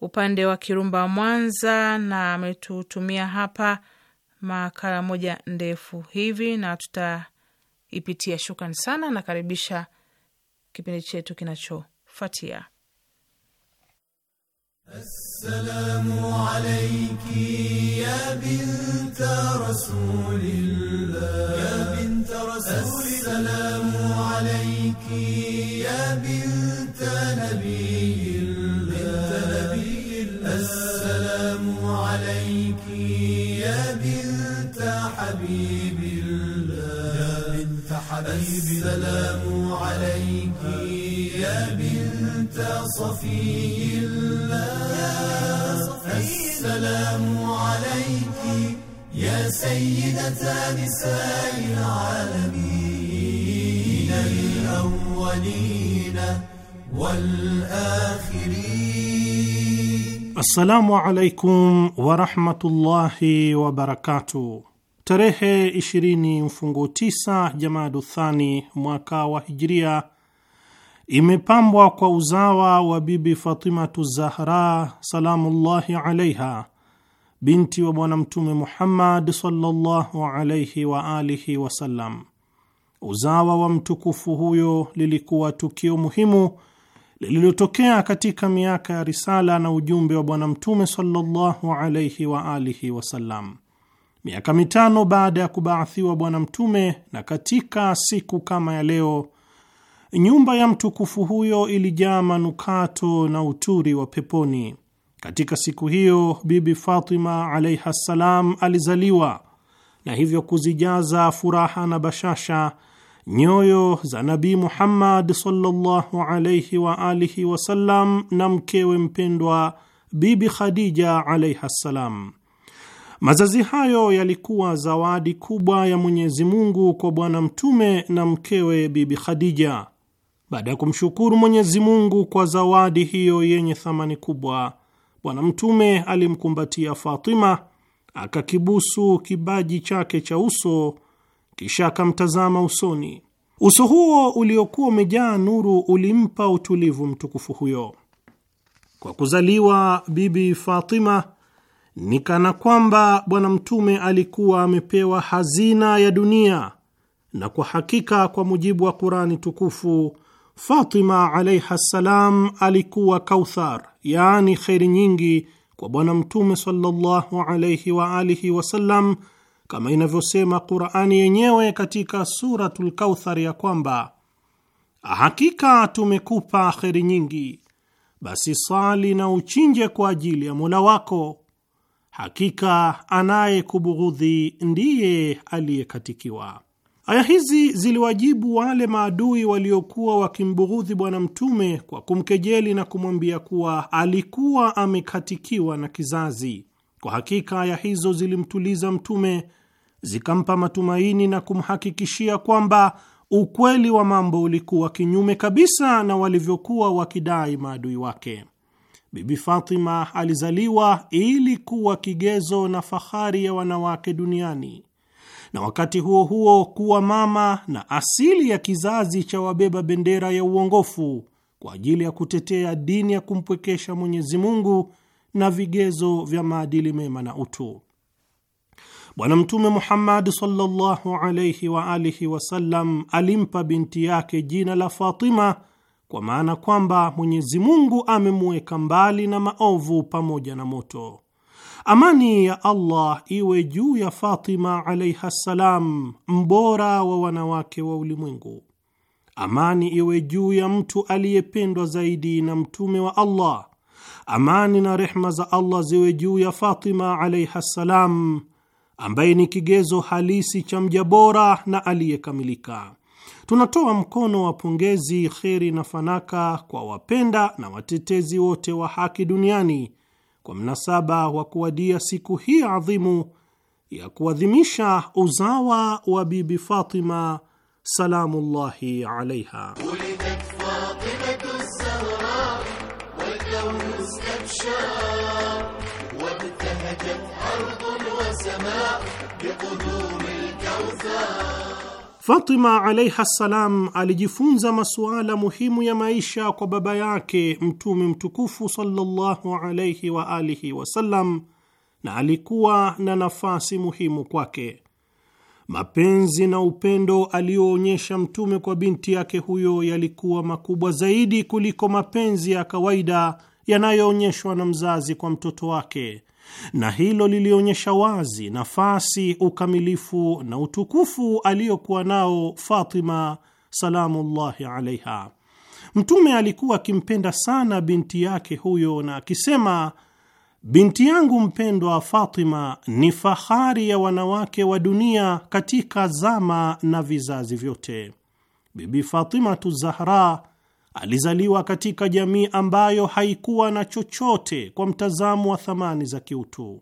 upande wa Kirumba, Mwanza, na ametutumia hapa makala moja ndefu hivi na tutaipitia. Shukrani sana, nakaribisha kipindi chetu kinachofuatia. السلام عليك يا بنت رسول الله يا بنت رسول السلام عليك يا بنت نبي الله السلام عليك يا بنت حبيب الله يا بنت حبيب السلام عليك يا بنت صفي السلام عليك يا سيدة نساء العالمين الأولين والآخرين السلام عليكم ورحمة الله وبركاته Tarehe 20 mfungo 9 Jamadu Thani mwaka wa Hijria imepambwa kwa uzawa wa Bibi Fatimatu Zahra salamullahi alaiha binti wa Bwana Mtume Muhammad sallallahu alayhi wa alihi wasallam. Uzawa wa mtukufu huyo lilikuwa tukio muhimu lililotokea katika miaka ya risala na ujumbe wa Bwana Mtume sallallahu alayhi wa alihi wasallam. Miaka mitano baada ya kubaathiwa Bwana Mtume, na katika siku kama ya leo, nyumba ya mtukufu huyo ilijaa manukato na uturi wa peponi. Katika siku hiyo Bibi Fatima alaiha ssalam alizaliwa na hivyo kuzijaza furaha na bashasha nyoyo za nabi Muhammad sallallahu alaihi wa alihi wasallam na mkewe mpendwa Bibi Khadija alaiha ssalam. Mazazi hayo yalikuwa zawadi kubwa ya Mwenyezi Mungu kwa Bwana Mtume na mkewe Bibi Khadija. Baada ya kumshukuru Mwenyezi Mungu kwa zawadi hiyo yenye thamani kubwa Bwana Mtume alimkumbatia Fatima, akakibusu kibaji chake cha uso, kisha akamtazama usoni. Uso huo uliokuwa umejaa nuru ulimpa utulivu mtukufu huyo. Kwa kuzaliwa Bibi Fatima ni kana kwamba Bwana Mtume alikuwa amepewa hazina ya dunia, na kwa hakika, kwa mujibu wa Kurani tukufu Fatima alaiha ssalam alikuwa kauthar, yaani kheri nyingi kwa Bwana Mtume sallallahu alaihi wa alihi wasallam, kama inavyosema Qurani yenyewe katika Suratul Kauthar ya kwamba hakika tumekupa kheri nyingi, basi sali na uchinje kwa ajili ya Mola wako, hakika anayekubughudhi ndiye aliyekatikiwa. Aya hizi ziliwajibu wale maadui waliokuwa wakimbughudhi Bwana Mtume kwa kumkejeli na kumwambia kuwa alikuwa amekatikiwa na kizazi. Kwa hakika aya hizo zilimtuliza Mtume, zikampa matumaini na kumhakikishia kwamba ukweli wa mambo ulikuwa kinyume kabisa na walivyokuwa wakidai maadui wake. Bibi Fatima alizaliwa ili kuwa kigezo na fahari ya wanawake duniani na wakati huo huo kuwa mama na asili ya kizazi cha wabeba bendera ya uongofu kwa ajili ya kutetea dini ya kumpwekesha Mwenyezi Mungu na vigezo vya maadili mema na utu. Bwana Mtume Muhammad sallallahu alayhi wa alihi wasallam alimpa binti yake jina la Fatima kwa maana kwamba Mwenyezi Mungu amemuweka mbali na maovu pamoja na moto. Amani ya Allah iwe juu ya Fatima alayha ssalam, mbora wa wanawake wa ulimwengu. Amani iwe juu ya mtu aliyependwa zaidi na mtume wa Allah. Amani na rehma za Allah ziwe juu ya Fatima alayha ssalam, ambaye ni kigezo halisi cha mja bora na aliyekamilika. Tunatoa mkono wa pongezi, kheri na fanaka kwa wapenda na watetezi wote wa haki duniani kwa mnasaba wa kuwadia siku hii adhimu ya kuadhimisha uzawa wa Bibi Fatima salamullahi alaiha. Fatima alaiha ssalam alijifunza masuala muhimu ya maisha kwa baba yake Mtume mtukufu sallallahu alaihi wa alihi wasallam, na alikuwa na nafasi muhimu kwake. Mapenzi na upendo aliyoonyesha Mtume kwa binti yake huyo yalikuwa makubwa zaidi kuliko mapenzi ya kawaida yanayoonyeshwa na mzazi kwa mtoto wake na hilo lilionyesha wazi nafasi, ukamilifu na utukufu aliyokuwa nao Fatima salamullahi alaiha. Mtume alikuwa akimpenda sana binti yake huyo, na akisema, binti yangu mpendwa Fatima ni fahari ya wanawake wa dunia katika zama na vizazi vyote. Bibi Fatimatu Zahra Alizaliwa katika jamii ambayo haikuwa na chochote kwa mtazamo wa thamani za kiutu.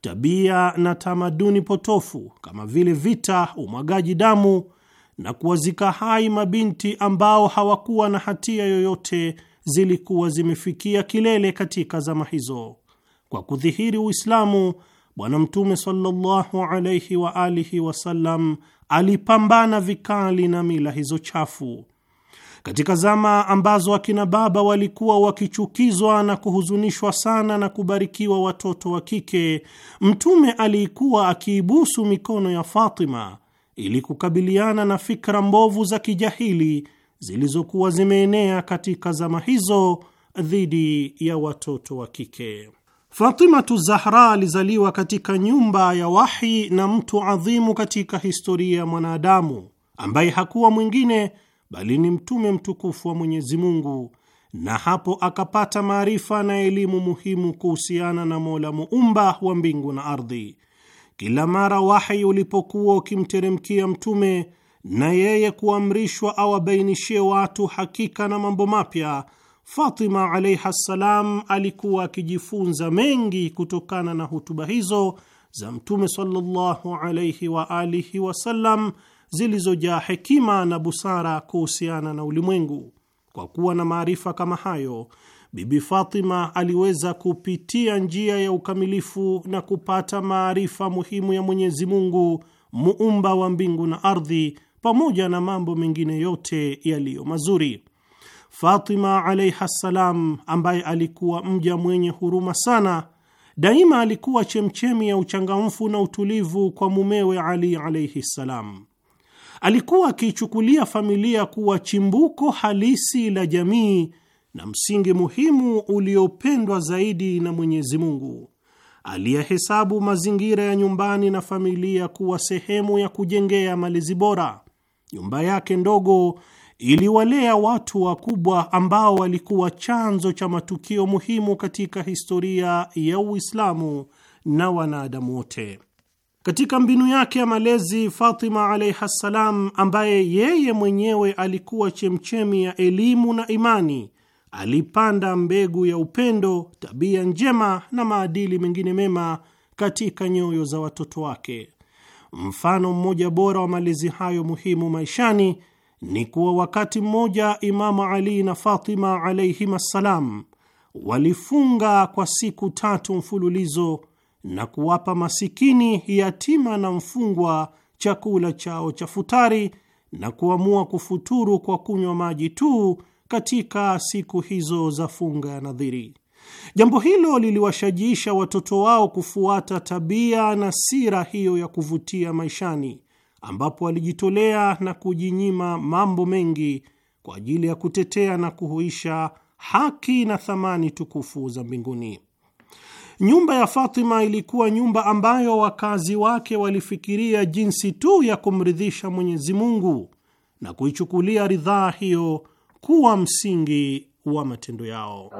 Tabia na tamaduni potofu kama vile vita, umwagaji damu na kuwazika hai mabinti ambao hawakuwa na hatia yoyote zilikuwa zimefikia kilele katika zama hizo. Kwa kudhihiri Uislamu, Bwana Mtume sallallahu alaihi wa alihi wasallam alipambana vikali na mila hizo chafu katika zama ambazo akina baba walikuwa wakichukizwa na kuhuzunishwa sana na kubarikiwa watoto wa kike, Mtume alikuwa akiibusu mikono ya Fatima ili kukabiliana na fikra mbovu za kijahili zilizokuwa zimeenea katika zama hizo dhidi ya watoto wa kike. Fatimatu Zahra alizaliwa katika nyumba ya wahi na mtu adhimu katika historia ya mwanadamu ambaye hakuwa mwingine bali ni mtume mtukufu wa Mwenyezi Mungu, na hapo akapata maarifa na elimu muhimu kuhusiana na Mola muumba wa mbingu na ardhi. Kila mara wahi ulipokuwa ukimteremkia mtume na yeye kuamrishwa awabainishie watu hakika na mambo mapya, Fatima alaiha ssalam alikuwa akijifunza mengi kutokana na hutuba hizo za mtume sallallahu alaihi wa alihi wasallam zilizojaa hekima na busara kuhusiana na ulimwengu. Kwa kuwa na maarifa kama hayo, Bibi Fatima aliweza kupitia njia ya ukamilifu na kupata maarifa muhimu ya Mwenyezi Mungu muumba wa mbingu na ardhi, pamoja na mambo mengine yote yaliyo mazuri. Fatima alaiha ssalam, ambaye alikuwa mja mwenye huruma sana, daima alikuwa chemchemi ya uchangamfu na utulivu kwa mumewe Ali alaihi ssalam alikuwa akiichukulia familia kuwa chimbuko halisi la jamii na msingi muhimu uliopendwa zaidi na Mwenyezi Mungu. mazingira ya nyumbani na familia kuwa sehemu ya kujengea malezi bora. Nyumba yake ndogo iliwalea watu wakubwa ambao walikuwa chanzo cha matukio muhimu katika historia ya Uislamu na wanadamu wote. Katika mbinu yake ya malezi, Fatima alaihi ssalam, ambaye yeye mwenyewe alikuwa chemchemi ya elimu na imani, alipanda mbegu ya upendo, tabia njema na maadili mengine mema katika nyoyo za watoto wake. Mfano mmoja bora wa malezi hayo muhimu maishani ni kuwa wakati mmoja Imamu Ali na Fatima alaihim assalam walifunga kwa siku tatu mfululizo na kuwapa masikini, yatima na mfungwa chakula chao cha futari na kuamua kufuturu kwa kunywa maji tu katika siku hizo za funga ya nadhiri. Jambo hilo liliwashajiisha watoto wao kufuata tabia na sira hiyo ya kuvutia maishani, ambapo walijitolea na kujinyima mambo mengi kwa ajili ya kutetea na kuhuisha haki na thamani tukufu za mbinguni. Nyumba ya Fatima ilikuwa nyumba ambayo wakazi wake walifikiria jinsi tu ya kumridhisha Mwenyezi Mungu na kuichukulia ridhaa hiyo kuwa msingi wa matendo yao.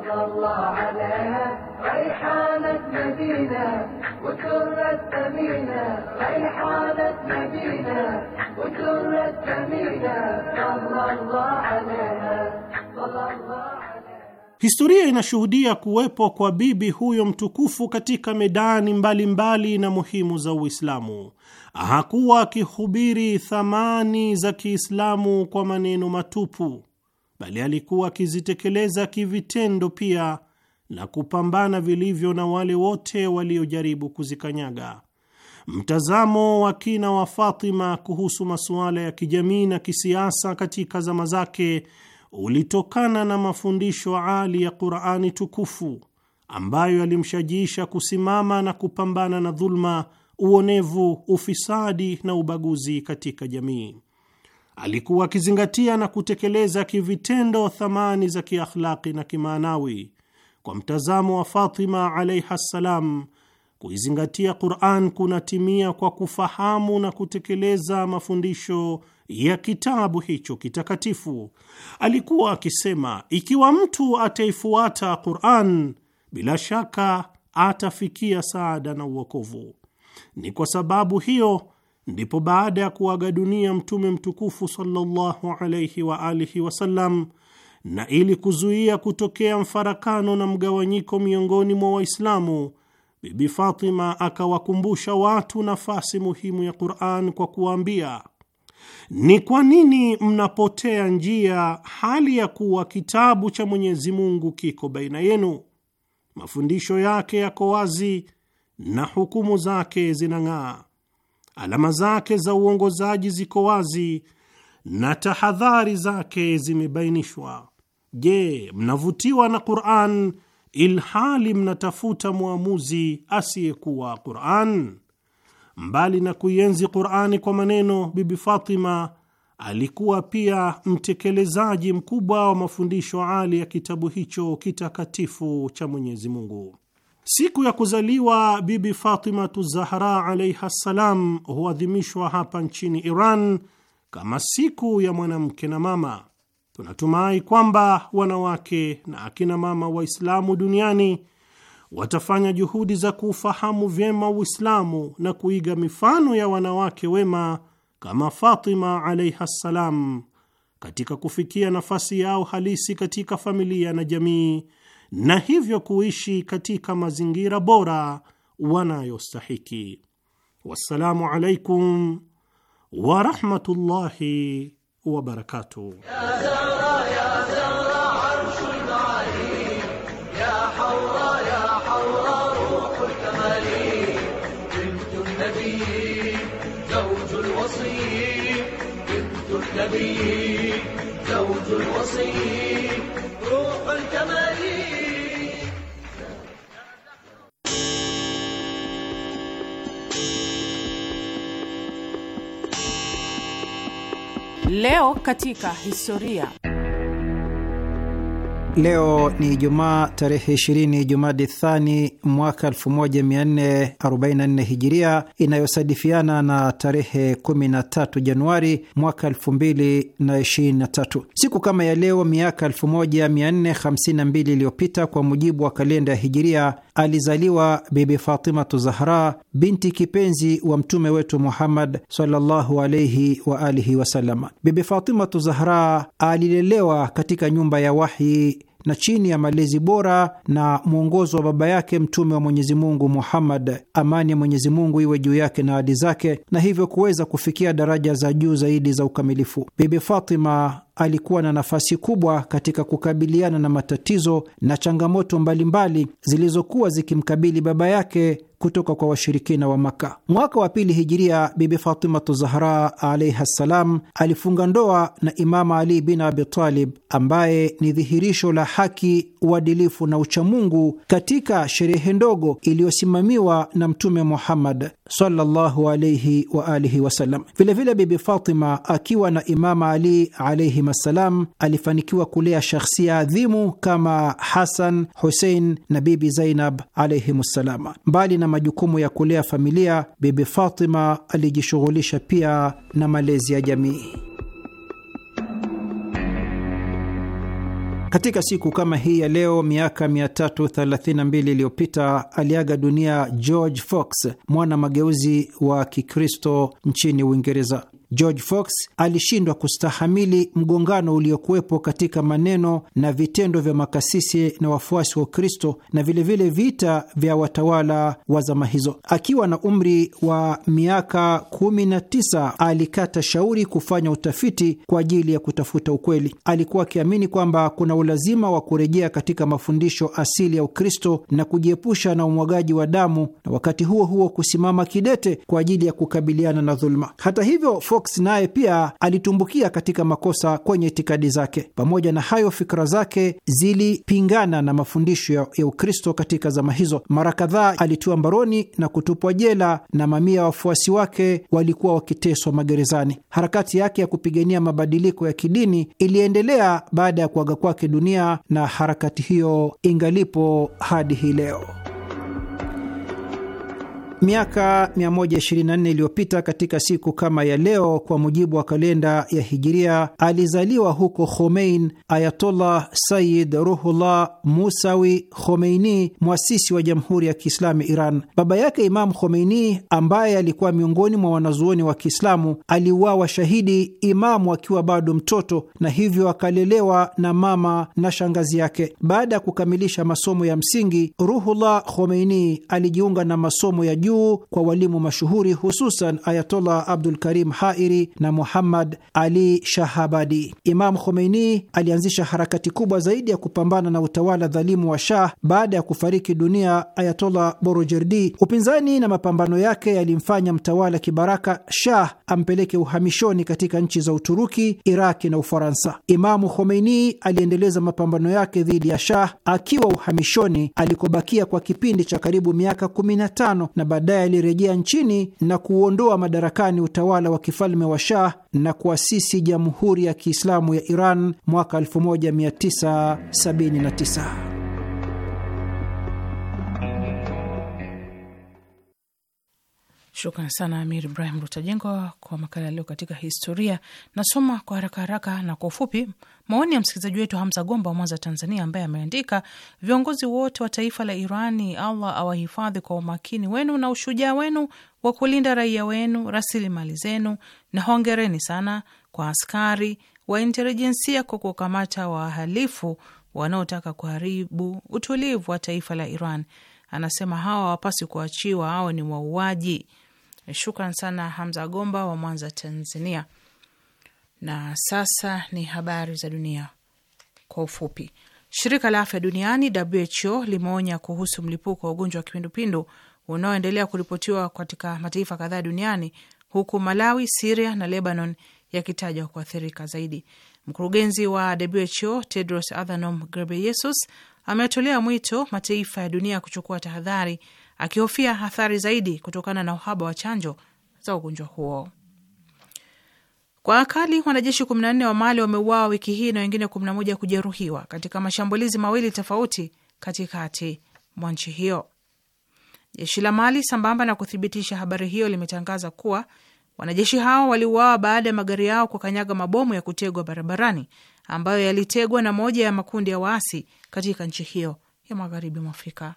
Historia inashuhudia kuwepo kwa bibi huyo mtukufu katika medani mbalimbali mbali na muhimu za Uislamu. Hakuwa akihubiri thamani za Kiislamu kwa maneno matupu, bali alikuwa akizitekeleza kivitendo pia na kupambana vilivyo na wale wote waliojaribu kuzikanyaga. Mtazamo wa kina wa Fatima kuhusu masuala ya kijamii na kisiasa katika zama zake ulitokana na mafundisho ali ya Qur'ani tukufu ambayo yalimshajiisha kusimama na kupambana na dhulma, uonevu, ufisadi na ubaguzi katika jamii. Alikuwa akizingatia na kutekeleza kivitendo thamani za kiakhlaki na kimaanawi. Kwa mtazamo wa Fatima alaiha ssalam Kuizingatia Qur'an kunatimia kwa kufahamu na kutekeleza mafundisho ya kitabu hicho kitakatifu. Alikuwa akisema, ikiwa mtu ataifuata Qur'an, bila shaka atafikia saada na uokovu. Ni kwa sababu hiyo ndipo baada ya kuaga dunia Mtume mtukufu sallallahu alayhi wa alihi wasallam, na ili kuzuia kutokea mfarakano na mgawanyiko miongoni mwa Waislamu Bibi Fatima akawakumbusha watu nafasi muhimu ya Qur'an kwa kuwaambia, ni kwa nini mnapotea njia hali ya kuwa kitabu cha Mwenyezi Mungu kiko baina yenu? Mafundisho yake yako wazi na hukumu zake zinang'aa. Alama zake za uongozaji ziko wazi na tahadhari zake zimebainishwa. Je, mnavutiwa na Qur'an ilhali mnatafuta mwamuzi asiyekuwa Qur'an. Mbali na kuienzi Qur'ani kwa maneno, Bibi Fatima alikuwa pia mtekelezaji mkubwa wa mafundisho ali ya kitabu hicho kitakatifu cha Mwenyezi Mungu. Siku ya kuzaliwa Bibi Fatimatu Zahra alaiha ssalam huadhimishwa hapa nchini Iran kama siku ya mwanamke na mama tunatumai kwamba wanawake na akina mama Waislamu duniani watafanya juhudi za kuufahamu vyema Uislamu na kuiga mifano ya wanawake wema kama Fatima alaiha ssalam katika kufikia nafasi yao halisi katika familia na jamii na hivyo kuishi katika mazingira bora wanayostahiki. Wassalamu alaikum warahmatullahi وبركاته يا زهرة يا زهرة عرش المعالي يا يا روح الكمال بنت النبي زوج الوصي بنت النبي زوج الوصي روح الكمال Leo katika historia. Leo ni Ijumaa tarehe 20 Jumadi Thani mwaka 1444 Hijiria, inayosadifiana na tarehe 13 Januari mwaka 2023. Siku kama ya leo miaka 1452 iliyopita, kwa mujibu wa kalenda ya Hijiria, alizaliwa Bibi Fatimatu Zahra, binti kipenzi wa mtume wetu Muhammad sallallahu alaihi wa alihi wasallam. Bibi Fatimatu Zahra alilelewa katika nyumba ya wahi na chini ya malezi bora na mwongozo wa baba yake mtume wa Mwenyezi Mungu Muhammad, amani ya Mwenyezi Mungu iwe juu yake na hadi zake, na hivyo kuweza kufikia daraja za juu zaidi za ukamilifu. Bibi Fatima alikuwa na nafasi kubwa katika kukabiliana na matatizo na changamoto mbalimbali zilizokuwa zikimkabili baba yake kutoka kwa washirikina wa Maka. Mwaka wa pili hijiria, Bibi Fatimatu Zahra alaihi ssalam alifunga ndoa na Imama Ali bin Abitalib, ambaye ni dhihirisho la haki, uadilifu na uchamungu katika sherehe ndogo iliyosimamiwa na Mtume Muhammad sallallahu alaihi waalihi wasallam. Vilevile Bibi Fatima akiwa na Imama Ali alaihi alayhim assalam, alifanikiwa kulea shakhsia adhimu kama Hasan, Husein na Bibi Zainab alayhim ssalama. Mbali na majukumu ya kulea familia, Bibi Fatima alijishughulisha pia na malezi ya jamii. Katika siku kama hii ya leo miaka 332 iliyopita aliaga dunia George Fox, mwana mageuzi wa Kikristo nchini Uingereza. George Fox alishindwa kustahamili mgongano uliokuwepo katika maneno na vitendo vya makasisi na wafuasi wa Ukristo na vilevile vile vita vya watawala wa zama hizo. Akiwa na umri wa miaka 19 alikata shauri kufanya utafiti kwa ajili ya kutafuta ukweli. Alikuwa akiamini kwamba kuna ulazima wa kurejea katika mafundisho asili ya Ukristo na kujiepusha na umwagaji wa damu na wakati huo huo kusimama kidete kwa ajili ya kukabiliana na dhuluma. Hata hivyo Fox Fox naye pia alitumbukia katika makosa kwenye itikadi zake. Pamoja na hayo, fikra zake zilipingana na mafundisho ya Ukristo katika zama hizo. Mara kadhaa alitiwa mbaroni na kutupwa jela, na mamia ya wafuasi wake walikuwa wakiteswa magerezani. Harakati yake ya kupigania mabadiliko ya kidini iliendelea baada ya kuaga kwake dunia, na harakati hiyo ingalipo hadi hii leo. Miaka 124 iliyopita katika siku kama ya leo, kwa mujibu wa kalenda ya Hijiria, alizaliwa huko Khomein Ayatollah Sayid Ruhullah Musawi Khomeini, mwasisi wa Jamhuri ya Kiislamu Iran. Baba yake imamu Khomeini, ambaye alikuwa miongoni mwa wanazuoni wa Kiislamu, aliuawa shahidi Imamu akiwa bado mtoto, na hivyo akalelewa na mama na shangazi yake. Baada ya kukamilisha masomo ya msingi, Ruhullah Khomeini alijiunga na masomo ya juu kwa walimu mashuhuri, hususan Ayatollah Abdul Karim Hairi na Muhammad Ali Shahabadi. Imam Khomeini alianzisha harakati kubwa zaidi ya kupambana na utawala dhalimu wa Shah baada ya kufariki dunia Ayatollah Borojerdi. Upinzani na mapambano yake yalimfanya mtawala kibaraka Shah ampeleke uhamishoni katika nchi za Uturuki, Iraki na Ufaransa. Imamu Khomeini aliendeleza mapambano yake dhidi ya Shah akiwa uhamishoni alikobakia kwa kipindi cha karibu miaka 15 na baadaye alirejea nchini na kuuondoa madarakani utawala wa kifalme wa Shah na kuasisi Jamhuri ya Kiislamu ya Iran mwaka 1979. Shukran sana Amir Ibrahim Rutajengwa kwa makala leo katika historia. Nasoma kwa haraka haraka na kwa ufupi Maoni ya msikilizaji wetu Hamza Gomba wa Mwanza, Tanzania, ambaye ameandika: viongozi wote wa taifa la Irani, Allah awahifadhi kwa umakini wenu na ushujaa wenu wa kulinda raia wenu, rasilimali zenu, na hongereni sana kwa askari wa intelijensia kwa kukamata wahalifu wanaotaka kuharibu utulivu wa taifa la Iran. Anasema hawa hawapaswi kuachiwa, hao ni wauaji. Shukran sana Hamza Gomba wa Mwanza, Tanzania. Na sasa ni habari za dunia kwa ufupi. Shirika la afya duniani WHO limeonya kuhusu mlipuko wa ugonjwa wa kipindupindu unaoendelea kuripotiwa katika mataifa kadhaa duniani huku Malawi, Siria na Lebanon yakitajwa kuathirika zaidi. Mkurugenzi wa WHO Tedros Adhanom Ghebreyesus ametolea mwito mataifa ya dunia kuchukua tahadhari, akihofia athari zaidi kutokana na uhaba wa chanjo za ugonjwa huo. Kwa akali wanajeshi 14 wa Mali wameuawa wiki hii na wengine 11 kujeruhiwa katika mashambulizi mawili tofauti katikati mwa nchi hiyo. Jeshi la Mali, sambamba na kuthibitisha habari hiyo, limetangaza kuwa wanajeshi hao waliuawa baada ya magari yao kukanyaga mabomu ya kutegwa barabarani ambayo yalitegwa na moja ya makundi ya waasi katika nchi hiyo ya magharibi mwa Afrika.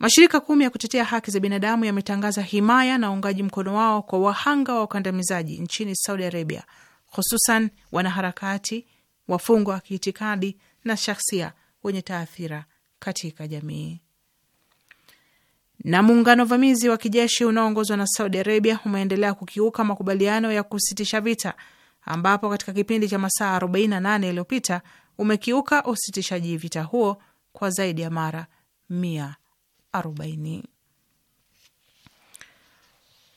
Mashirika kumi ya kutetea haki za binadamu yametangaza himaya na uungaji mkono wao kwa wahanga wa ukandamizaji nchini Saudi Arabia, hususan wanaharakati, wafungwa wa kiitikadi na shahsia wenye taathira katika jamii. Na muungano vamizi wa kijeshi unaoongozwa na Saudi Arabia umeendelea kukiuka makubaliano ya kusitisha vita, ambapo katika kipindi cha masaa 48 yaliyopita umekiuka usitishaji vita huo kwa zaidi ya mara mia arobaini.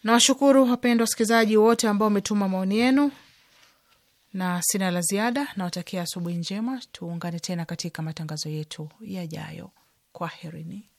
Nawashukuru wapendwa wasikilizaji wote ambao wametuma maoni yenu, na sina la ziada. Nawatakia asubuhi njema, tuungane tena katika matangazo yetu yajayo. Kwaherini.